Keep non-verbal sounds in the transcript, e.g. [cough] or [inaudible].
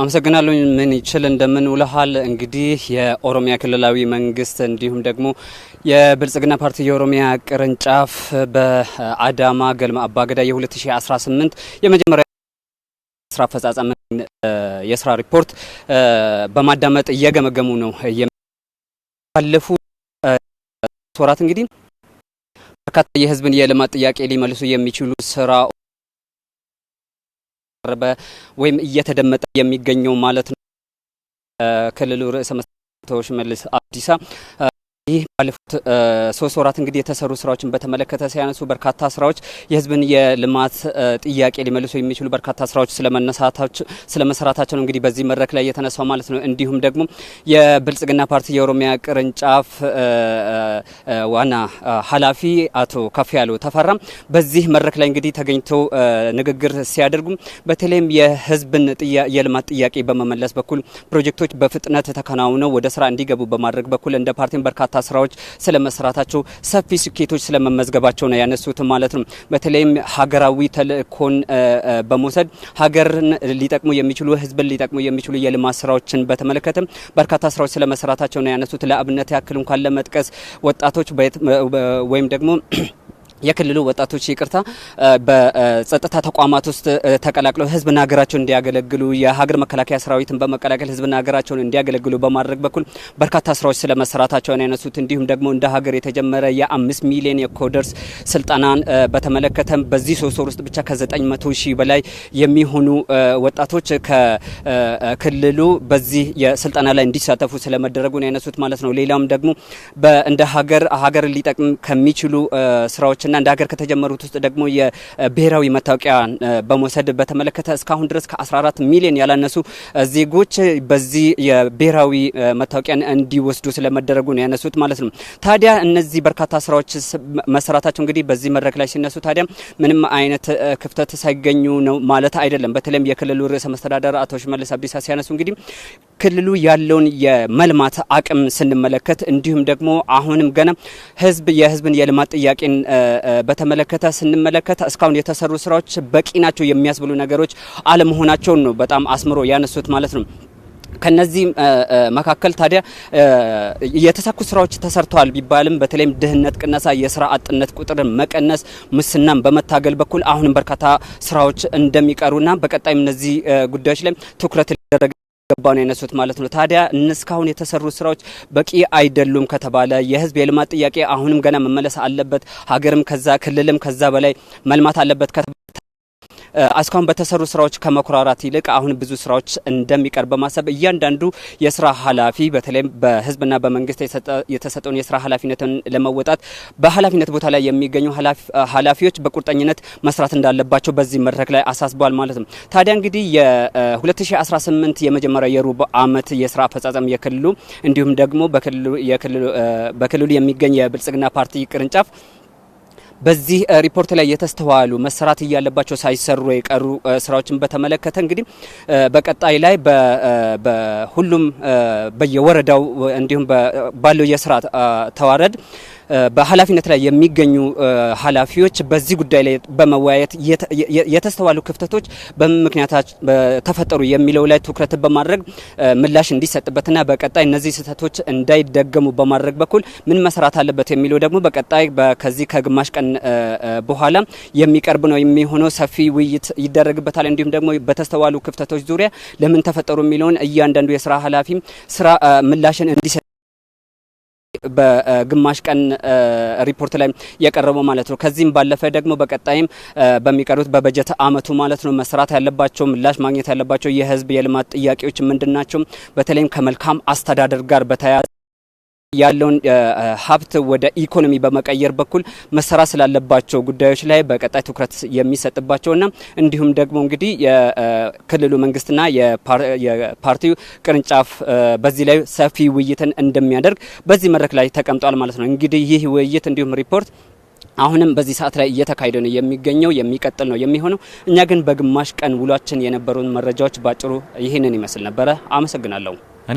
አመሰግናለሁ። ምን ይችል እንደምን ውለሃል። እንግዲህ የኦሮሚያ ክልላዊ መንግስት እንዲሁም ደግሞ የብልጽግና ፓርቲ የኦሮሚያ ቅርንጫፍ በአዳማ ገልማ አባገዳ የ2018 የመጀመሪያ ስራ አፈጻጸም የስራ ሪፖርት በማዳመጥ እየገመገሙ ነው። ባለፉ ወራት እንግዲህ በርካታ የህዝብን የልማት ጥያቄ ሊመልሱ የሚችሉ ስራ እየቀረበ ወይም እየተደመጠ የሚገኘው ማለት ነው። ክልሉ ርዕሰ መስተዳድር ሽመልስ አብዲሳ ይህ ባለፉት ሶስት ወራት እንግዲህ የተሰሩ ስራዎችን በተመለከተ ሲያነሱ በርካታ ስራዎች የህዝብን የልማት ጥያቄ ሊመልሱ የሚችሉ በርካታ ስራዎች ስለመሰራታቸው ነው እንግዲህ በዚህ መድረክ ላይ የተነሳው ማለት ነው። እንዲሁም ደግሞ የብልጽግና ፓርቲ የኦሮሚያ ቅርንጫፍ ዋና ኃላፊ አቶ ያሉ ተፈራም በዚህ መድረክ ላይ እንግዲህ ተገኝተው ንግግር ሲያደርጉ በተለይም የህዝብን የልማት ጥያቄ በመመለስ በኩል ፕሮጀክቶች በፍጥነት ተከናውነው ወደ ስራ እንዲገቡ በማድረግ በኩል እንደ ፓርቲም በርካታ ስራዎች ስራዎች ስለመስራታቸው ሰፊ ስኬቶች ስለመመዝገባቸው ነው ያነሱት ማለት ነው። በተለይም ሀገራዊ ተልእኮን በመውሰድ ሀገርን ሊጠቅሙ የሚችሉ ህዝብን ሊጠቅሙ የሚችሉ የልማት ስራዎችን በተመለከተ በርካታ ስራዎች ስለመስራታቸው ነው ያነሱት። ለአብነት ያክል እንኳን ለመጥቀስ ወጣቶች ወይም ደግሞ [clears throat] የክልሉ ወጣቶች ይቅርታ በጸጥታ ተቋማት ውስጥ ተቀላቅለው ህዝብና ሀገራቸውን እንዲያገለግሉ የሀገር መከላከያ ሰራዊትን በመቀላቀል ህዝብና ሀገራቸውን እንዲያገለግሉ በማድረግ በኩል በርካታ ስራዎች ስለመሰራታቸውን ያነሱት እንዲሁም ደግሞ እንደ ሀገር የተጀመረ የአምስት ሚሊዮን የኮደርስ ስልጠናን በተመለከተም በዚህ ሶስት ወር ውስጥ ብቻ ከዘጠኝ መቶ ሺህ በላይ የሚሆኑ ወጣቶች ከክልሉ በዚህ የስልጠና ላይ እንዲሳተፉ ስለመደረጉን ያነሱት ማለት ነው። ሌላውም ደግሞ እንደ ሀገር ሀገርን ሊጠቅም ከሚችሉ ስራዎች እና እንደ ሀገር ከተጀመሩት ውስጥ ደግሞ የብሔራዊ መታወቂያ በመውሰድ በተመለከተ እስካሁን ድረስ ከ14 ሚሊዮን ያላነሱ ዜጎች በዚህ የብሔራዊ መታወቂያን እንዲወስዱ ስለመደረጉ ነው ያነሱት ማለት ነው። ታዲያ እነዚህ በርካታ ስራዎች መሰራታቸው እንግዲህ በዚህ መድረክ ላይ ሲነሱ ታዲያ ምንም አይነት ክፍተት ሳይገኙ ነው ማለት አይደለም። በተለይም የክልሉ ርዕሰ መስተዳደር አቶ ሽመልስ አብዲሳ ሲያነሱ እንግዲህ ክልሉ ያለውን የመልማት አቅም ስንመለከት እንዲሁም ደግሞ አሁንም ገና ህዝብ የህዝብን የልማት ጥያቄን በተመለከተ ስንመለከት እስካሁን የተሰሩ ስራዎች በቂ ናቸው የሚያስብሉ ነገሮች አለመሆናቸውን ነው በጣም አስምሮ ያነሱት ማለት ነው። ከነዚህ መካከል ታዲያ የተሳኩ ስራዎች ተሰርተዋል ቢባልም በተለይም ድህነት ቅነሳ፣ የስራ አጥነት ቁጥርን መቀነስ፣ ሙስናን በመታገል በኩል አሁንም በርካታ ስራዎች እንደሚቀሩና በቀጣይም እነዚህ ጉዳዮች ላይ ትኩረት ገባ ነው የነሱት ማለት ነው። ታዲያ እስካሁን የተሰሩ ስራዎች በቂ አይደሉም ከተባለ የህዝብ የልማት ጥያቄ አሁንም ገና መመለስ አለበት፣ ሀገርም ከዛ ክልልም ከዛ በላይ መልማት አለበት እስካሁን በተሰሩ ስራዎች ከመኩራራት ይልቅ አሁን ብዙ ስራዎች እንደሚቀርብ በማሰብ እያንዳንዱ የስራ ኃላፊ በተለይም በህዝብና በመንግስት የተሰጠውን የስራ ኃላፊነትን ለመወጣት በኃላፊነት ቦታ ላይ የሚገኙ ኃላፊዎች በቁርጠኝነት መስራት እንዳለባቸው በዚህ መድረክ ላይ አሳስበዋል ማለት ነው። ታዲያ እንግዲህ የ2018 የመጀመሪያ የሩብ አመት የስራ አፈጻጸም የክልሉ እንዲሁም ደግሞ በክልሉ የሚገኝ የብልጽግና ፓርቲ ቅርንጫፍ በዚህ ሪፖርት ላይ የተስተዋሉ መሰራት እያለባቸው ሳይሰሩ የቀሩ ስራዎችን በተመለከተ እንግዲህ በቀጣይ ላይ በሁሉም በየወረዳው እንዲሁም ባለው የስራ ተዋረድ በኃላፊነት ላይ የሚገኙ ኃላፊዎች በዚህ ጉዳይ ላይ በመወያየት የተስተዋሉ ክፍተቶች በምን ምክንያት ተፈጠሩ የሚለው ላይ ትኩረት በማድረግ ምላሽ እንዲሰጥበትና በቀጣይ እነዚህ ስህተቶች እንዳይደገሙ በማድረግ በኩል ምን መሰራት አለበት የሚለው ደግሞ በቀጣይ ከዚህ ከግማሽ ቀን በኋላ የሚቀርብ ነው የሚሆነው። ሰፊ ውይይት ይደረግበታል። እንዲሁም ደግሞ በተስተዋሉ ክፍተቶች ዙሪያ ለምን ተፈጠሩ የሚለውን እያንዳንዱ የስራ ኃላፊ ስራ ምላሽን እንዲሰጥ በግማሽ ቀን ሪፖርት ላይ የቀረበው ማለት ነው። ከዚህም ባለፈ ደግሞ በቀጣይም በሚቀሩት በበጀት አመቱ ማለት ነው መስራት ያለባቸው ምላሽ ማግኘት ያለባቸው የህዝብ የልማት ጥያቄዎች ምንድን ናቸው? በተለይም ከመልካም አስተዳደር ጋር በተያያዘ ያለውን ሀብት ወደ ኢኮኖሚ በመቀየር በኩል መሰራት ስላለባቸው ጉዳዮች ላይ በቀጣይ ትኩረት የሚሰጥባቸውና እንዲሁም ደግሞ እንግዲህ የክልሉ መንግስትና የፓርቲው ቅርንጫፍ በዚህ ላይ ሰፊ ውይይትን እንደሚያደርግ በዚህ መድረክ ላይ ተቀምጧል ማለት ነው። እንግዲህ ይህ ውይይት እንዲሁም ሪፖርት አሁንም በዚህ ሰዓት ላይ እየተካሄደ ነው የሚገኘው፣ የሚቀጥል ነው የሚሆነው። እኛ ግን በግማሽ ቀን ውሏችን የነበሩን መረጃዎች ባጭሩ ይህንን ይመስል ነበረ። አመሰግናለሁ።